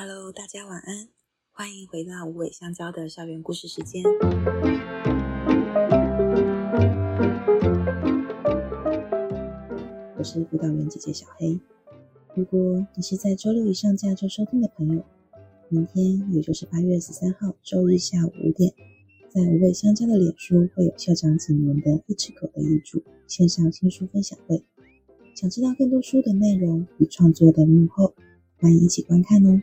Hello，大家晚安，歡迎回到無尾香蕉的校園故事時間。我是輔導員姐姐小黑。如果你是在週六一上架就收聽的朋友，明天也就是八月十三號週日下午五點，在無尾香蕉的臉書會有校長景文的《一隻狗的遺囑》線上新書分享會。想知道更多書的內容與創作的幕後，歡迎一起觀看哦。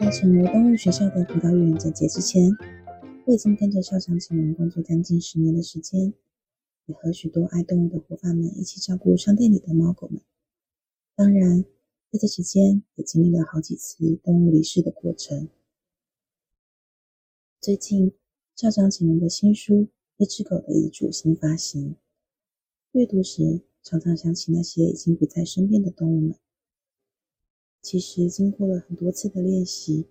在成為動物學校的輔導員姐姐之前，我已經跟着校長請榮工作將近十年的時間，也和許多愛動物的夥伴們一起照顧商店裡的貓狗們。當然，在這期間也經歷了好幾次動物離世的過程。最近，校長請榮的新書《一隻狗的遺囑》新發行，閱讀時。常常想起那些已經不在身邊的動物們。其實經過了很多次的練習，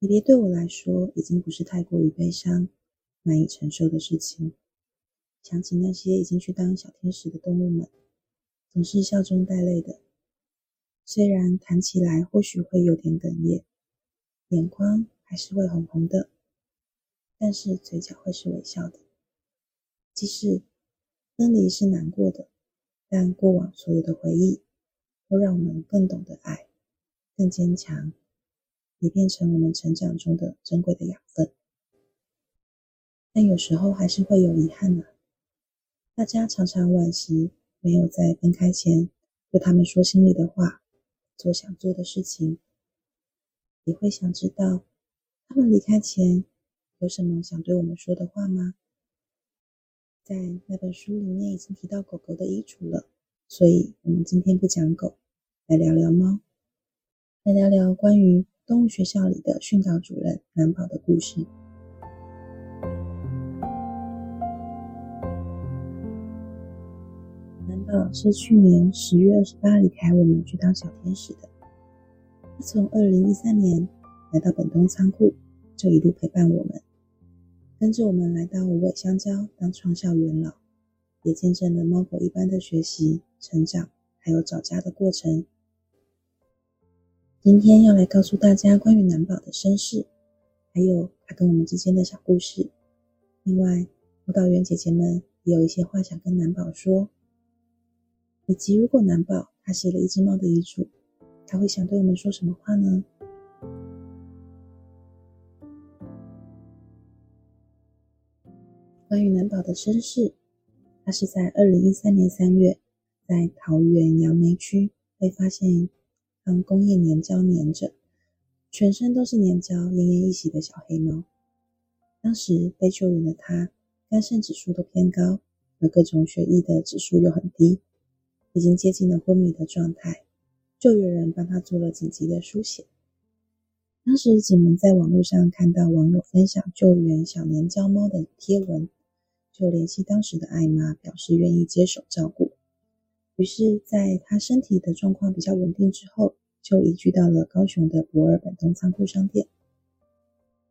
離別對我來說已經不是太過於悲傷、難以承受的事情。想起那些已經去當小天使的動物們，總是笑中帶淚的。雖然談起來或許會有點哽咽，眼眶還是會紅紅的，但是嘴角會是微笑的。即使分離是難過的。但過往所有的回憶，都讓我們更懂得愛，更堅強，也變成我們成長中的珍貴的養分。但有時候還是會有遺憾呢、啊，大家常常惋惜沒有在分開前對他們說心裡的話，做想做的事情。你會想知道他們離開前有什麼想對我們說的話嗎？在那本書裡面已經提到狗狗的遺囑了，所以我們今天不講狗，來聊聊貓，來聊聊關於動物學校裡的訓導主任南寶的故事。南寶是去年十月二十八離開我們去當小天使的。他從二零一三年來到本東倉庫，就一路陪伴我們。甚至我們來到無尾香蕉當創校元老，也見證了貓狗二班的學習、成長，還有找家的過程。今天要來告訴大家關於南寶的身世，還有他跟我們之間的小故事。另外，輔導員姐姐們也有一些話想跟南寶說。以及，如果南寶他寫了一隻貓的遺囑，他會想對我們說什麼話呢？關於南寶的身世，他是在二零一三年三月，在桃園楊梅區被發現，被工業粘膠粘着，全身都是粘膠，奄奄一息的小黑貓。當時被救援的他，肝腎指數都偏高，而各種血液的指數又很低，已經接近了昏迷的狀態。救援人幫他做了緊急的輸血。當時僅能在網絡上看到網友分享救援小粘膠貓的貼文。就聯繫當時的艾媽，表示願意接手照顧。於是，在她身體的狀況比較穩定之後，就移居到了高雄的墨爾本東倉庫商店。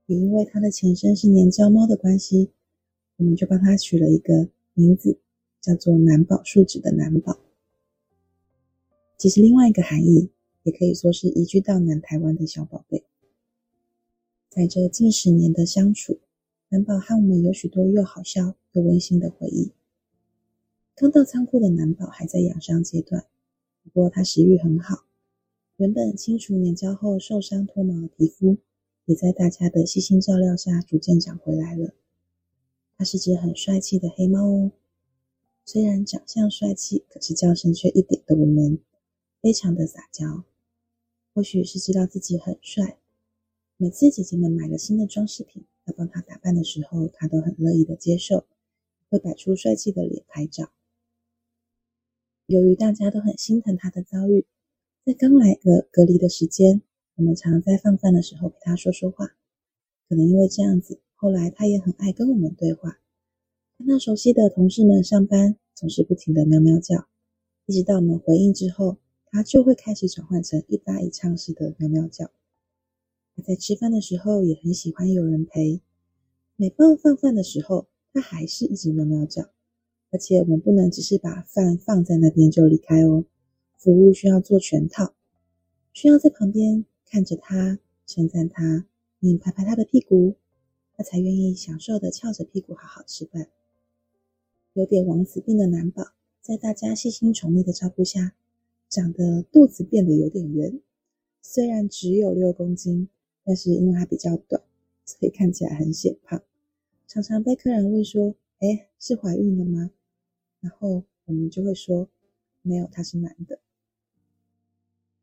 也因為他的前身是黏膠貓的關係，我們就幫他取了一個名字，叫做南寶樹脂的南寶。其實，另外一個含義也可以說是移居到南台灣的小寶貝。在這近十年的相處。南寶和我們有許多又好笑又溫馨的回憶。剛到倉庫的南寶還在養傷階段，不過他食慾很好。原本清除粘膠後受傷脫毛的皮膚，也在大家的細心照料下逐漸長回來了。他是隻很帥氣的黑貓哦雖然長相帥氣，可是叫聲卻一點都不 man，非常的撒嬌。或許是知道自己很帥，每次姐姐們買了新的裝飾品。在幫他打扮的時候，他都很樂意的接受，會擺出帥氣的臉拍照。由於大家都很心疼他的遭遇，在剛來的隔離的時間，我們常在放飯的時候陪他說說話。可能因為這樣子，後來他也很愛跟我們對話。看到熟悉的同事們上班，總是不停的喵喵叫，一直到我們回應之後，他就會開始轉換成一搭一唱式的喵喵叫。他在吃飯的時候也很喜歡有人陪。每到放飯的時候，他還是一直喵喵叫。而且我們不能只是把飯放在那邊就離開哦，服務需要做全套，需要在旁邊看着他，稱讚他，並拍拍他的屁股，他才願意享受的翹着屁股好好吃飯。有點王子病的南寶，在大家細心寵溺的照顧下，長得肚子變得有點圓。雖然只有六公斤。但是因為它比較短，所以看起來很顯胖，常常被客人問說：“哎，是懷孕了嗎？”然後我們就會說：“沒有，他是男的。”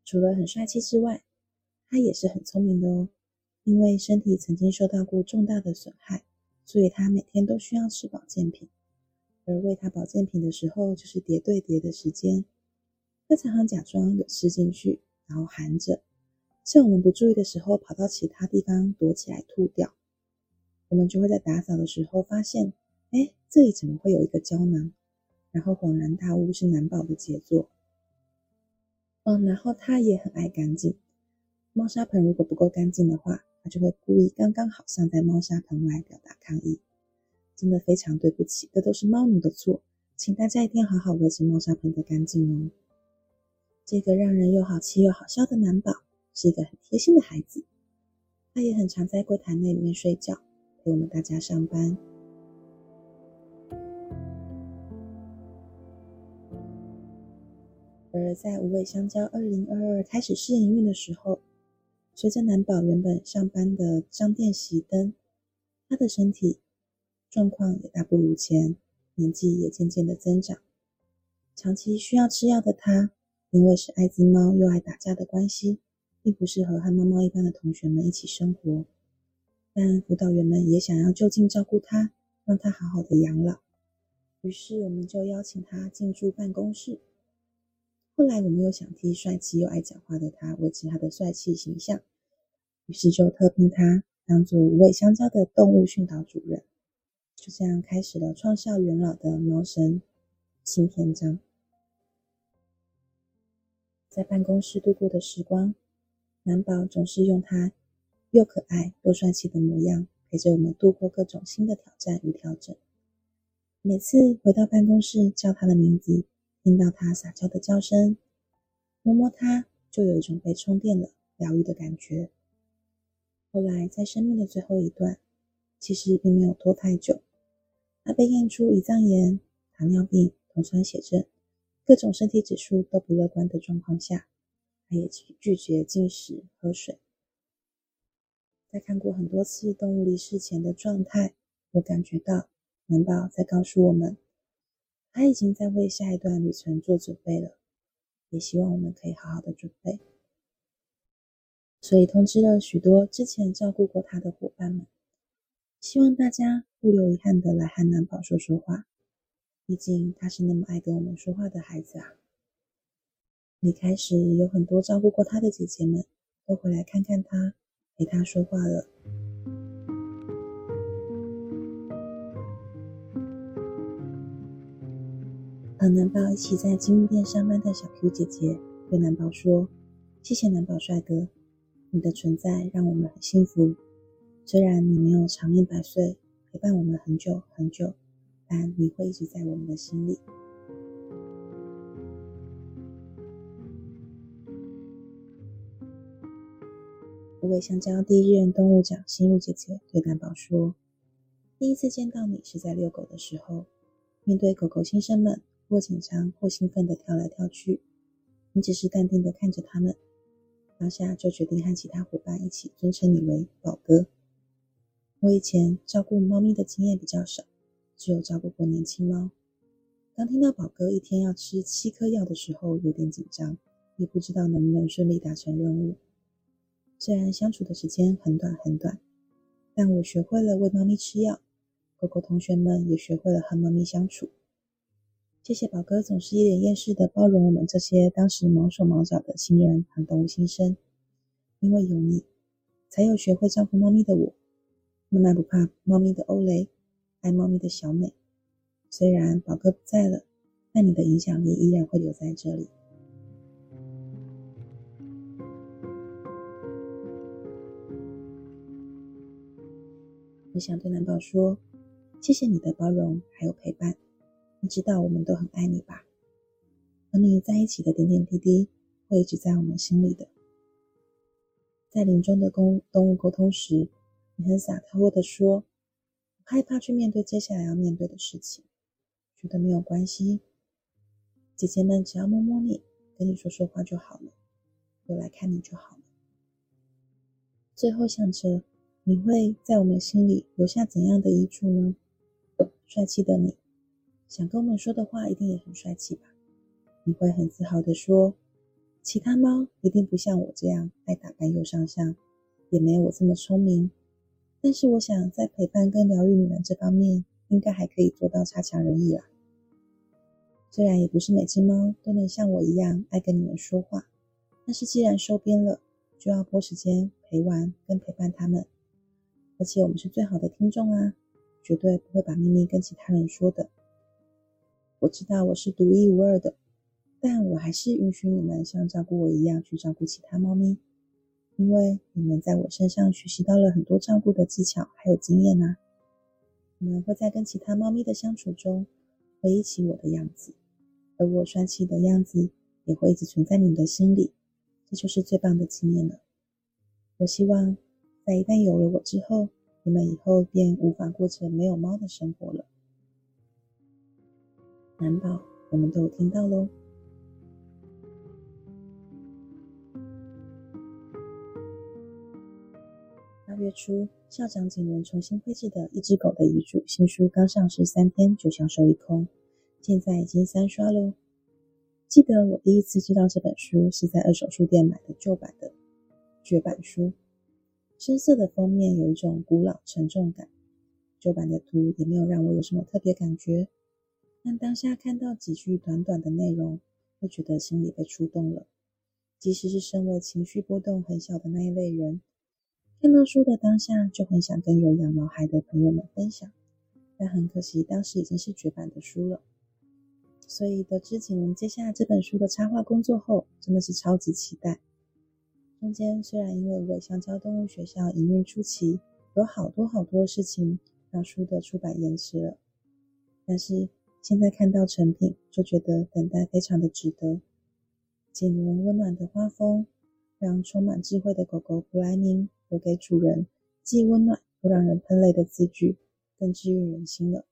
除了很帥氣之外，他也是很聰明的哦。因為身體曾經受到過重大的損害，所以他每天都需要吃保健品。而餵他保健品的時候，就是疊對疊的時間，他常常假裝有吃進去，然後含着。趁我們不注意的時候，跑到其他地方躲起來吐掉，我們就會在打掃的時候發現，哎，這裡怎麼會有一個膠囊？然後恍然大悟，是南寶的傑作。嗯、哦，然後他也很愛乾淨，貓砂盆如果不夠乾淨的話，他就會故意剛剛好上在貓砂盆外，表達抗議。真的非常對不起，這都是貓奴的錯，請大家一定好好維持貓砂盆的乾淨哦。這個讓人又好氣又好笑的南寶，是一個很貼心的孩子，他也很常在櫃檯那裡面睡覺，陪我們大家上班。而在無尾香蕉二零二二開始試營運的時候，隨着南寶原本上班的商店熄燈，他的身體狀況也大不如前，年紀也漸漸的增長，長期需要吃藥的他，因為是愛滋貓又愛打架的關係。並不適合和貓貓一般的同學們一起生活，但輔導員們也想要就近照顧他，讓他好好的養老。於是我們就邀請他進駐辦公室。後來我們又想替帥氣又愛講話的他維持他的帥氣形象，於是就特聘他當做無尾香蕉的動物訓導主任。就這樣開始了創校元老的毛神新篇章。在辦公室度過的時光。南寶總是用它又可愛又帥氣的模樣陪着我們度過各種新的挑戰與調整。每次回到辦公室叫它的名字，聽到它撒嬌的叫聲，摸摸它，就有一種被充電了，療癒的感覺。後來在生命的最後一段，其實並沒有拖太久。他被驗出胰臟炎、糖尿病、酮酸血症，各種身體指數都不樂觀的狀況下。他也拒絕進食喝水。在看過很多次動物離世前的狀態，我感覺到南寶在告訴我們，他已經在為下一段旅程做準備了，也希望我們可以好好的準備。所以通知了許多之前照顧過他的夥伴們，希望大家不留遺憾的來和南寶說說話，畢竟他是那麼愛跟我們說話的孩子啊。一開始有很多照顧過他的姐姐們都回來看看他，陪他說話了。和南寶一起在積木店上班的小 Q 姐姐對南寶說：“謝謝南寶帥哥，你的存在讓我們很幸福。雖然你沒有長命百歲，陪伴我們很久很久，但你會一直在我們的心裡。”我無尾香蕉第一任動物長心如姐姐對南寶說：“第一次見到你是在遛狗的時候，面對狗狗新生們，或緊張或興奮地跳來跳去，你只是淡定地看着他們。當下就決定和其他夥伴一起尊稱你為寶哥。我以前照顧貓咪的經驗比較少，只有照顧過年輕貓。當聽到寶哥一天要吃七顆藥的時候，有點緊張，也不知道能不能順利達成任務。”雖然相處的時間很短很短，但我學會了餵貓咪吃藥，狗狗同學們也學會了和貓咪相處。謝謝寶哥總是一臉厭世的包容我們這些當時毛手毛腳的新人和動物新生，因為有你，才有學會照顧貓咪的我。慢慢不怕貓咪的歐蕾，愛貓咪的小美。雖然寶哥不在了，但你的影響力依然會留在這裡。想對南寶說：“謝謝你的包容，還有陪伴。你知道我們都很愛你吧？和你在一起的點點滴滴，會一直在我們心裡的。”在臨終的公動物溝通時，你很灑脫的說：“我害怕去面對接下來要面對的事情，覺得沒有關係。姐姐們只要摸摸你，跟你說說話就好了，我來看你就好了。”最後想着。你會在我們心裡留下怎樣的遺囑呢？帥氣的你，想跟我們說的話一定也很帥氣吧？你會很自豪地說：“其他貓一定不像我這樣愛打扮又上相，也沒有我這麼聰明。但是，我想在陪伴跟療癒你們這方面，應該還可以做到差強人意啦。雖然也不是每隻貓都能像我一樣愛跟你們說話，但是既然收編了，就要撥時間陪玩跟陪伴他們。”而且我們是最好的聽眾啊，絕對不會把秘密跟其他人說的。我知道我是獨一無二的，但我還是允許你們像照顧我一樣去照顧其他貓咪，因為你們在我身上學習到了很多照顧的技巧還有經驗啊。你們會在跟其他貓咪的相處中回憶起我的樣子，而我帥氣的樣子也會一直存在你們的心裡，這就是最棒的紀念了。我希望。在一旦有了我之後，你們以後便無法過着沒有貓的生活了。難道我們都有聽到囉。八月初，校長請人重新繪制的一只狗的遺囑新書剛上市三天就銷售一空，現在已經三刷了。記得我第一次知道這本書是在二手書店買的舊版的絕版書。深色的封面有一種古老沉重感，舊版的圖也沒有讓我有什麼特別感覺，但當下看到幾句短短的內容，會覺得心裡被觸動了。即使是身為情緒波動很小的那一類人，看到書的當下就很想跟有養毛孩的朋友們分享，但很可惜當時已經是絕版的書了。所以得知即將接下來這本書的插畫工作後，真的是超級期待。中間雖然因為無尾香蕉動物學校營運初期，有好多好多的事情讓書的出版延遲了，但是現在看到成品，就覺得等待非常的值得。簡文溫暖的畫風，讓充滿智慧的狗狗布萊寧留給主人，既溫暖又讓人噴淚的字句，更治癒人心了。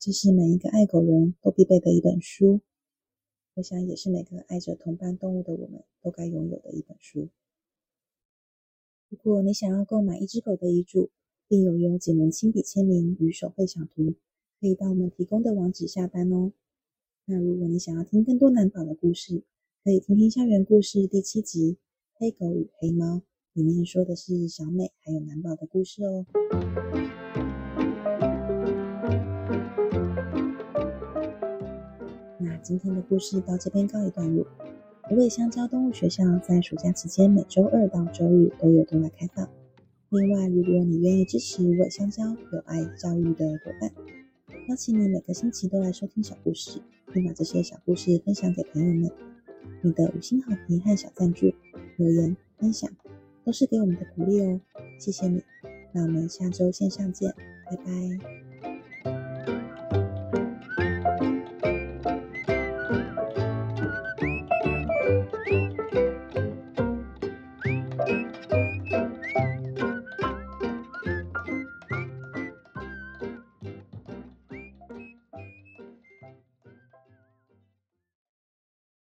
這是每一個愛狗人都必備的一本書。我想也是每個愛着同伴動物的我們都該擁有的一本書。如果你想要購買《一隻狗的遺囑》，並有由簡倫親筆簽名與手繪小圖，可以到我們提供的網址下單哦。那如果你想要聽更多南寶的故事，可以聽聽《校園故事》第七集《黑狗與黑貓》，裡面說的是小美還有南寶的故事哦。今天的故事到這邊告一段落。無尾香蕉動物學校在暑假期間每周二到周日都有對外開放。另外，如果你願意支持無尾香蕉有愛教育的夥伴，邀請你每個星期都來收聽小故事，並把這些小故事分享給朋友們。你的五星好評和小贊助、留言、分享，都是給我們的鼓勵哦。謝謝你，那我們下周線上見，拜拜。